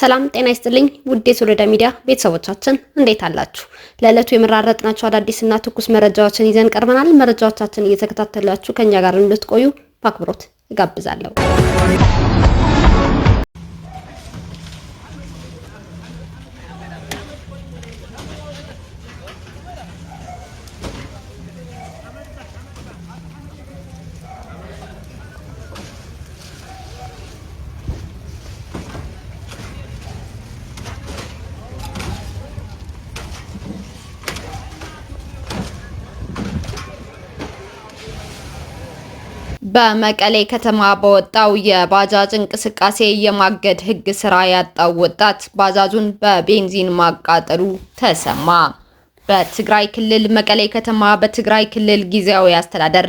ሰላም ጤና ይስጥልኝ ውዴ ሶሎዳ ሚዲያ ቤተሰቦቻችን እንዴት አላችሁ? ለዕለቱ የመራረጥናቸው አዳዲስና ትኩስ መረጃዎችን ይዘን ቀርበናል። መረጃዎቻችን እየተከታተላችሁ ከኛ ጋር እንድትቆዩ በአክብሮት እጋብዛለሁ። በመቀሌ ከተማ በወጣው የባጃጅ እንቅስቃሴ የማገድ ህግ ስራ ያጣው ወጣት ባጃጁን በቤንዚን ማቃጠሉ ተሰማ። በትግራይ ክልል መቀሌ ከተማ በትግራይ ክልል ጊዜያዊ አስተዳደር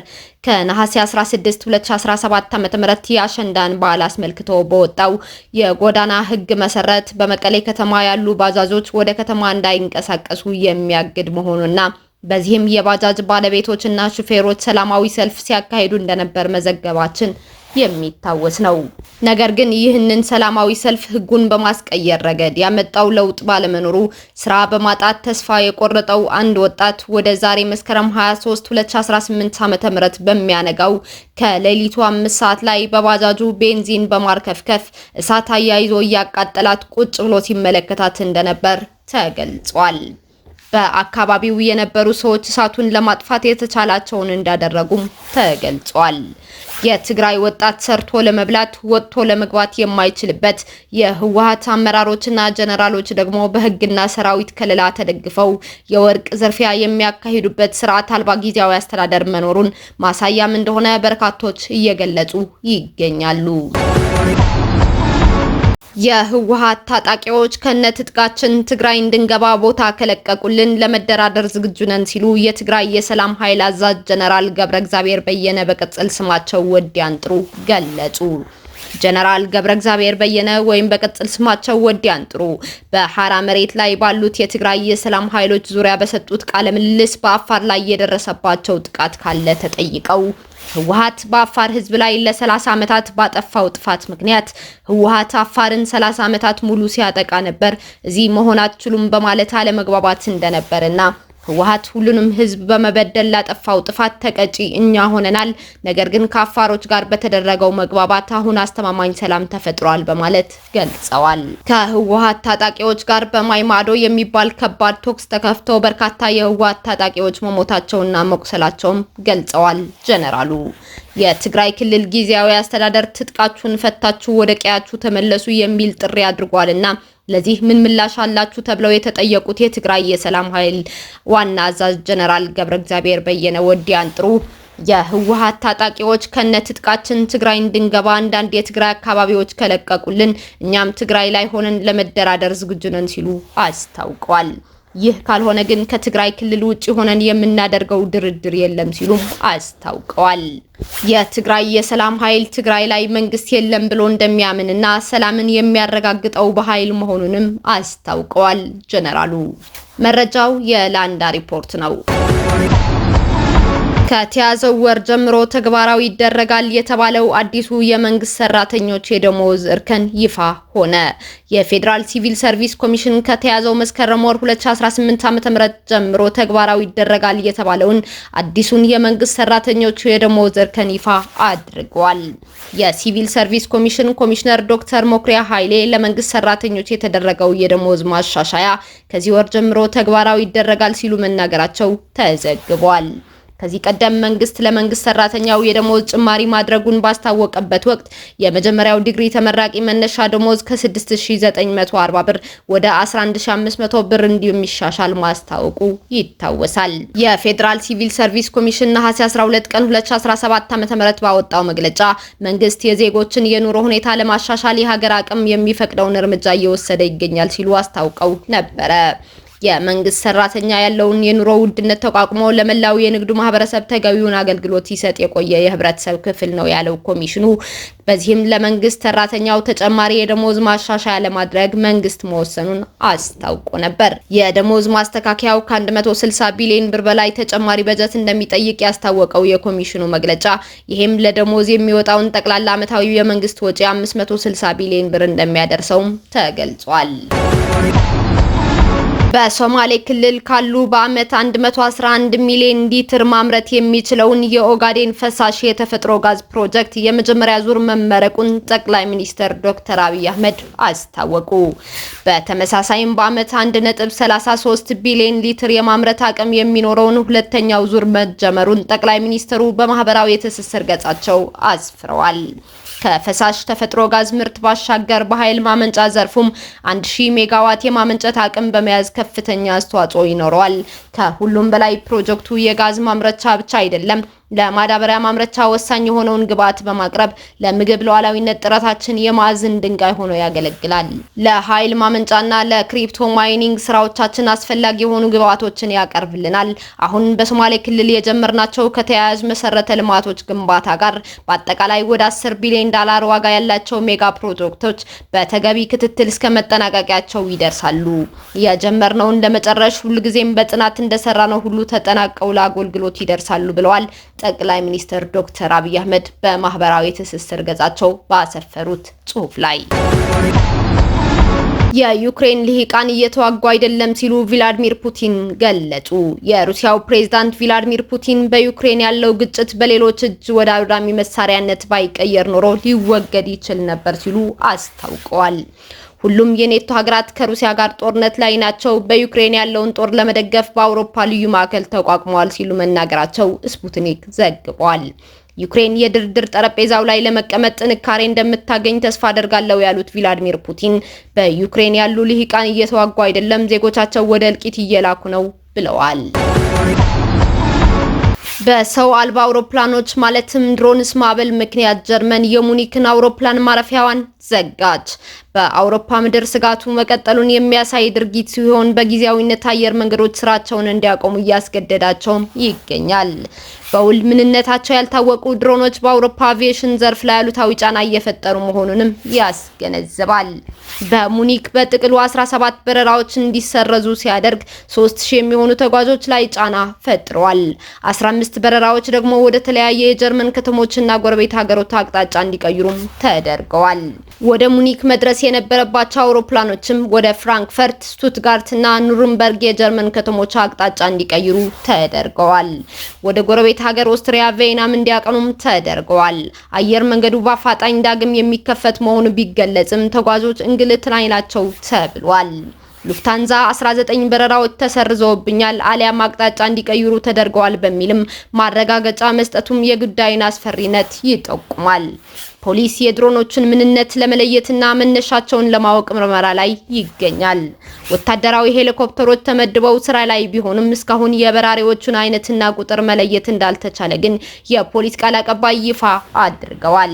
ከነሐሴ 16 2017 ዓ.ም የአሸንዳን በዓል አስመልክቶ በወጣው የጎዳና ህግ መሰረት በመቀሌ ከተማ ያሉ ባጃጆች ወደ ከተማ እንዳይንቀሳቀሱ የሚያግድ መሆኑና በዚህም የባጃጅ ባለቤቶችና ሹፌሮች ሰላማዊ ሰልፍ ሲያካሂዱ እንደነበር መዘገባችን የሚታወስ ነው። ነገር ግን ይህንን ሰላማዊ ሰልፍ ህጉን በማስቀየር ረገድ ያመጣው ለውጥ ባለመኖሩ ስራ በማጣት ተስፋ የቆረጠው አንድ ወጣት ወደ ዛሬ መስከረም 23 2018 ዓ.ም በሚያነጋው ከሌሊቱ አምስት ሰዓት ላይ በባጃጁ ቤንዚን በማርከፍከፍ እሳት አያይዞ እያቃጠላት ቁጭ ብሎ ሲመለከታት እንደነበር ተገልጿል። በአካባቢው የነበሩ ሰዎች እሳቱን ለማጥፋት የተቻላቸውን እንዳደረጉም ተገልጿል። የትግራይ ወጣት ሰርቶ ለመብላት ወጥቶ ለመግባት የማይችልበት የህወሀት አመራሮችና ጀነራሎች ደግሞ በህግና ሰራዊት ከለላ ተደግፈው የወርቅ ዝርፊያ የሚያካሂዱበት ስርዓት አልባ ጊዜያዊ አስተዳደር መኖሩን ማሳያም እንደሆነ በርካቶች እየገለጹ ይገኛሉ። የህወሀት ታጣቂዎች ከነትጥቃችን ትግራይ እንድንገባ ቦታ ከለቀቁልን ለመደራደር ዝግጁ ነን ሲሉ የትግራይ የሰላም ኃይል አዛዥ ጀነራል ገብረ እግዚአብሔር በየነ በቅጽል ስማቸው ወዲያን ጥሩ ገለጹ። ጀነራል ገብረ እግዚአብሔር በየነ ወይም በቅጽል ስማቸው ወዲ አንጥሩ በሐራ መሬት ላይ ባሉት የትግራይ የሰላም ኃይሎች ዙሪያ በሰጡት ቃለ ምልልስ በአፋር ላይ የደረሰባቸው ጥቃት ካለ ተጠይቀው ህወሀት በአፋር ህዝብ ላይ ለ30 ዓመታት ባጠፋው ጥፋት ምክንያት ህወሀት አፋርን 30 ዓመታት ሙሉ ሲያጠቃ ነበር፣ እዚህ መሆን አትችሉም በማለት አለመግባባት እንደነበርና ህወሀት ሁሉንም ህዝብ በመበደል ላጠፋው ጥፋት ተቀጪ እኛ ሆነናል። ነገር ግን ከአፋሮች ጋር በተደረገው መግባባት አሁን አስተማማኝ ሰላም ተፈጥሯል በማለት ገልጸዋል። ከህወሀት ታጣቂዎች ጋር በማይማዶ የሚባል ከባድ ቶክስ ተከፍቶ በርካታ የህወሀት ታጣቂዎች መሞታቸውና መቁሰላቸውም ገልጸዋል ጀነራሉ። የትግራይ ክልል ጊዜያዊ አስተዳደር ትጥቃችሁን ፈታችሁ ወደ ቀያችሁ ተመለሱ የሚል ጥሪ አድርጓልና ለዚህ ምን ምላሽ አላችሁ ተብለው የተጠየቁት የትግራይ የሰላም ኃይል ዋና አዛዥ ጀነራል ገብረ እግዚአብሔር በየነ ወዲያን ጥሩ የህወሀት ታጣቂዎች ከነትጥቃችን ትግራይ እንድንገባ አንዳንድ የትግራይ አካባቢዎች ከለቀቁልን እኛም ትግራይ ላይ ሆነን ለመደራደር ዝግጁ ነን ሲሉ አስታውቀዋል። ይህ ካልሆነ ግን ከትግራይ ክልል ውጭ ሆነን የምናደርገው ድርድር የለም ሲሉም አስታውቀዋል። የትግራይ የሰላም ኃይል ትግራይ ላይ መንግስት የለም ብሎ እንደሚያምንና ሰላምን የሚያረጋግጠው በኃይል መሆኑንም አስታውቀዋል ጀነራሉ። መረጃው የላንዳ ሪፖርት ነው። ከተያዘው ወር ጀምሮ ተግባራዊ ይደረጋል የተባለው አዲሱ የመንግስት ሰራተኞች የደሞዝ እርከን ይፋ ሆነ። የፌዴራል ሲቪል ሰርቪስ ኮሚሽን ከተያዘው መስከረም ወር 2018 ዓ.ም ጀምሮ ተግባራዊ ይደረጋል የተባለውን አዲሱን የመንግስት ሰራተኞች የደሞዝ እርከን ይፋ አድርጓል። የሲቪል ሰርቪስ ኮሚሽን ኮሚሽነር ዶክተር ሞክሪያ ኃይሌ ለመንግስት ሰራተኞች የተደረገው የደሞዝ ማሻሻያ ከዚህ ወር ጀምሮ ተግባራዊ ይደረጋል ሲሉ መናገራቸው ተዘግቧል። ከዚህ ቀደም መንግስት ለመንግስት ሰራተኛው የደሞዝ ጭማሪ ማድረጉን ባስታወቀበት ወቅት የመጀመሪያው ዲግሪ ተመራቂ መነሻ ደሞዝ ከ6940 ብር ወደ 11500 ብር እንደሚሻሻል ማስታወቁ ይታወሳል። የፌዴራል ሲቪል ሰርቪስ ኮሚሽን ነሐሴ 12 ቀን 2017 ዓ.ም ባወጣው መግለጫ መንግስት የዜጎችን የኑሮ ሁኔታ ለማሻሻል የሀገር አቅም የሚፈቅደውን እርምጃ እየወሰደ ይገኛል ሲሉ አስታውቀው ነበረ። የመንግስት ሰራተኛ ያለውን የኑሮ ውድነት ተቋቁሞ ለመላው የንግዱ ማህበረሰብ ተገቢውን አገልግሎት ሲሰጥ የቆየ የህብረተሰብ ክፍል ነው ያለው ኮሚሽኑ፣ በዚህም ለመንግስት ሰራተኛው ተጨማሪ የደሞዝ ማሻሻያ ለማድረግ መንግስት መወሰኑን አስታውቆ ነበር። የደሞዝ ማስተካከያው ከ160 ቢሊዮን ብር በላይ ተጨማሪ በጀት እንደሚጠይቅ ያስታወቀው የኮሚሽኑ መግለጫ ይህም ለደሞዝ የሚወጣውን ጠቅላላ ዓመታዊ የመንግስት ወጪ 560 ቢሊዮን ብር እንደሚያደርሰውም ተገልጿል። በሶማሌ ክልል ካሉ በዓመት 111 ሚሊዮን ሊትር ማምረት የሚችለውን የኦጋዴን ፈሳሽ የተፈጥሮ ጋዝ ፕሮጀክት የመጀመሪያ ዙር መመረቁን ጠቅላይ ሚኒስትር ዶክተር አብይ አህመድ አስታወቁ። በተመሳሳይም በዓመት 1.33 ቢሊዮን ሊትር የማምረት አቅም የሚኖረውን ሁለተኛው ዙር መጀመሩን ጠቅላይ ሚኒስትሩ በማህበራዊ የትስስር ገጻቸው አስፍረዋል። ከፈሳሽ ተፈጥሮ ጋዝ ምርት ባሻገር በኃይል ማመንጫ ዘርፉም 1000 ሜጋዋት የማመንጨት አቅም በመያዝ ከፍተኛ አስተዋጽኦ ይኖረዋል። ከሁሉም በላይ ፕሮጀክቱ የጋዝ ማምረቻ ብቻ አይደለም ለማዳበሪያ ማምረቻ ወሳኝ የሆነውን ግብዓት በማቅረብ ለምግብ ሉዓላዊነት ጥረታችን የማዕዘን ድንጋይ ሆኖ ያገለግላል። ለኃይል ማመንጫና ለክሪፕቶ ማይኒንግ ስራዎቻችን አስፈላጊ የሆኑ ግብዓቶችን ያቀርብልናል። አሁን በሶማሌ ክልል የጀመርናቸው ከተያያዥ መሰረተ ልማቶች ግንባታ ጋር በአጠቃላይ ወደ 10 ቢሊዮን ዳላር ዋጋ ያላቸው ሜጋ ፕሮጀክቶች በተገቢ ክትትል እስከ መጠናቀቂያቸው ይደርሳሉ። የጀመርነውን ለመጨረሽ ሁልጊዜም በጽናት እንደሰራ ነው ሁሉ ተጠናቀው ለአገልግሎት ይደርሳሉ ብለዋል። ጠቅላይ ሚኒስትር ዶክተር አብይ አህመድ በማህበራዊ ትስስር ገጻቸው ባሰፈሩት ጽሑፍ ላይ የዩክሬን ልሂቃን እየተዋጉ አይደለም ሲሉ ቪላዲሚር ፑቲን ገለጹ። የሩሲያው ፕሬዝዳንት ቪላዲሚር ፑቲን በዩክሬን ያለው ግጭት በሌሎች እጅ ወደ አውዳሚ መሳሪያነት ባይቀየር ኖሮ ሊወገድ ይችል ነበር ሲሉ አስታውቀዋል። ሁሉም የኔቶ ሀገራት ከሩሲያ ጋር ጦርነት ላይ ናቸው፣ በዩክሬን ያለውን ጦር ለመደገፍ በአውሮፓ ልዩ ማዕከል ተቋቁመዋል ሲሉ መናገራቸው ስፑትኒክ ዘግቧል። ዩክሬን የድርድር ጠረጴዛው ላይ ለመቀመጥ ጥንካሬ እንደምታገኝ ተስፋ አደርጋለሁ ያሉት ቪላዲሚር ፑቲን በዩክሬን ያሉ ልሂቃን እየተዋጉ አይደለም፣ ዜጎቻቸው ወደ እልቂት እየላኩ ነው ብለዋል። በሰው አልባ አውሮፕላኖች ማለትም ድሮንስ ማዕበል ምክንያት ጀርመን የሙኒክን አውሮፕላን ማረፊያዋን ዘጋች። በአውሮፓ ምድር ስጋቱ መቀጠሉን የሚያሳይ ድርጊት ሲሆን በጊዜያዊነት አየር መንገዶች ስራቸውን እንዲያቆሙ እያስገደዳቸውም ይገኛል። በውል ምንነታቸው ያልታወቁ ድሮኖች በአውሮፓ አቪዬሽን ዘርፍ ላይ አሉታዊ ጫና እየፈጠሩ መሆኑንም ያስገነዝባል። በሙኒክ በጥቅሉ 17 በረራዎች እንዲሰረዙ ሲያደርግ 3000 የሚሆኑ ተጓዦች ላይ ጫና ፈጥረዋል። 15 በረራዎች ደግሞ ወደ ተለያየ የጀርመን ከተሞችና ጎረቤት ሀገሮች አቅጣጫ እንዲቀይሩም ተደርገዋል። ወደ ሙኒክ መድረስ የነበረባቸው አውሮፕላኖችም ወደ ፍራንክፈርት፣ ስቱትጋርትና ኑርንበርግ የጀርመን ከተሞች አቅጣጫ እንዲቀይሩ ተደርገዋል። ወደ ጎረቤት ጎረቤት ሀገር ኦስትሪያ ቬናም እንዲያቀኑም ተደርገዋል። አየር መንገዱ በአፋጣኝ ዳግም የሚከፈት መሆኑ ቢገለጽም ተጓዦች እንግልት ላይ ናቸው ተብሏል። ሉፍታንዛ 19 በረራዎች ተሰርዘውብኛል አሊያም አቅጣጫ እንዲቀይሩ ተደርገዋል በሚልም ማረጋገጫ መስጠቱም የጉዳዩን አስፈሪነት ይጠቁማል። ፖሊስ የድሮኖችን ምንነት ለመለየትና መነሻቸውን ለማወቅ ምርመራ ላይ ይገኛል። ወታደራዊ ሄሊኮፕተሮች ተመድበው ስራ ላይ ቢሆንም እስካሁን የበራሪዎቹን አይነትና ቁጥር መለየት እንዳልተቻለ ግን የፖሊስ ቃል አቀባይ ይፋ አድርገዋል።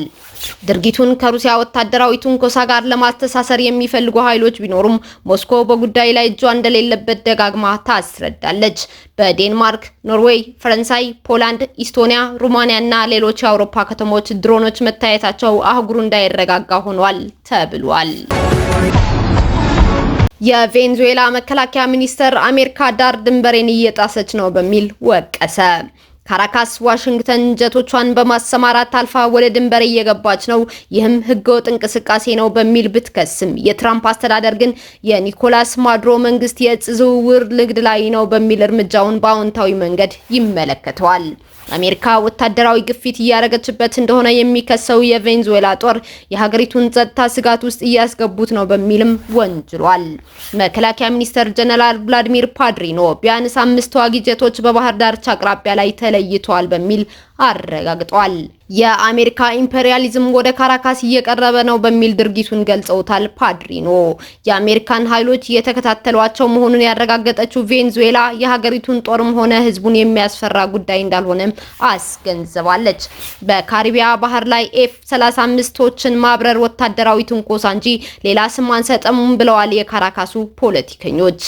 ድርጊቱን ከሩሲያ ወታደራዊ ትንኮሳ ጋር ለማስተሳሰር የሚፈልጉ ኃይሎች ቢኖሩም ሞስኮ በጉዳይ ላይ እጇ እንደሌለበት ደጋግማ ታስረዳለች። በዴንማርክ፣ ኖርዌይ፣ ፈረንሳይ፣ ፖላንድ፣ ኢስቶኒያ፣ ሩማኒያ እና ሌሎች የአውሮፓ ከተሞች ድሮኖች መታየታቸው አህጉሩ እንዳይረጋጋ ሆኗል ተብሏል። የቬንዙዌላ መከላከያ ሚኒስተር አሜሪካ ዳር ድንበሬን እየጣሰች ነው በሚል ወቀሰ። ካራካስ ዋሽንግተን ጀቶቿን በማሰማራት አልፋ ወደ ድንበር እየገባች ነው፣ ይህም ህገወጥ እንቅስቃሴ ነው በሚል ብትከስም የትራምፕ አስተዳደር ግን የኒኮላስ ማዱሮ መንግስት የእጽ ዝውውር ንግድ ላይ ነው በሚል እርምጃውን በአዎንታዊ መንገድ ይመለከተዋል። አሜሪካ ወታደራዊ ግፊት እያደረገችበት እንደሆነ የሚከሰው የቬንዙዌላ ጦር የሀገሪቱን ጸጥታ ስጋት ውስጥ እያስገቡት ነው በሚልም ወንጅሏል። መከላከያ ሚኒስተር ጀነራል ቭላዲሚር ፓድሪኖ ቢያንስ አምስት ተዋጊ ጀቶች በባህር ዳርቻ አቅራቢያ ላይ ተለይተዋል በሚል አረጋግጧል። የአሜሪካ ኢምፔሪያሊዝም ወደ ካራካስ እየቀረበ ነው በሚል ድርጊቱን ገልጸውታል ፓድሪኖ። የአሜሪካን ኃይሎች እየተከታተሏቸው መሆኑን ያረጋገጠችው ቬንዙዌላ የሀገሪቱን ጦርም ሆነ ሕዝቡን የሚያስፈራ ጉዳይ እንዳልሆነም አስገንዝባለች። በካሪቢያ ባህር ላይ ኤፍ 35ቶችን ማብረር ወታደራዊ ትንኮሳ እንጂ ሌላ ስም አንሰጠም ብለዋል የካራካሱ ፖለቲከኞች።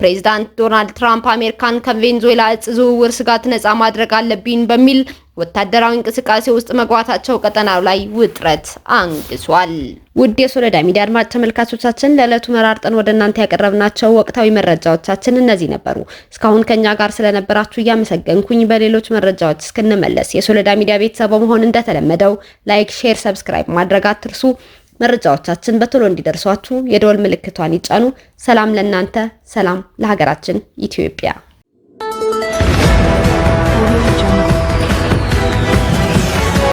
ፕሬዚዳንት ዶናልድ ትራምፕ አሜሪካን ከቬንዙዌላ እጽ ዝውውር ስጋት ነጻ ማድረግ አለብኝ በሚል ወታደራዊ እንቅስቃሴ ውስጥ መግባታቸው ቀጠናው ላይ ውጥረት አንግሷል። ውድ የሶለዳ ሚዲያ አድማጭ ተመልካቾቻችን ለዕለቱ መራርጠን ወደ እናንተ ያቀረብናቸው ወቅታዊ መረጃዎቻችን እነዚህ ነበሩ። እስካሁን ከኛ ጋር ስለነበራችሁ እያመሰገንኩኝ በሌሎች መረጃዎች እስክንመለስ የሶለዳ ሚዲያ ቤተሰብ በመሆን እንደተለመደው ላይክ፣ ሼር፣ ሰብስክራይብ ማድረግ አትርሱ። መረጃዎቻችን በቶሎ እንዲደርሷችሁ የደወል ምልክቷን ይጫኑ። ሰላም ለእናንተ፣ ሰላም ለሀገራችን ኢትዮጵያ።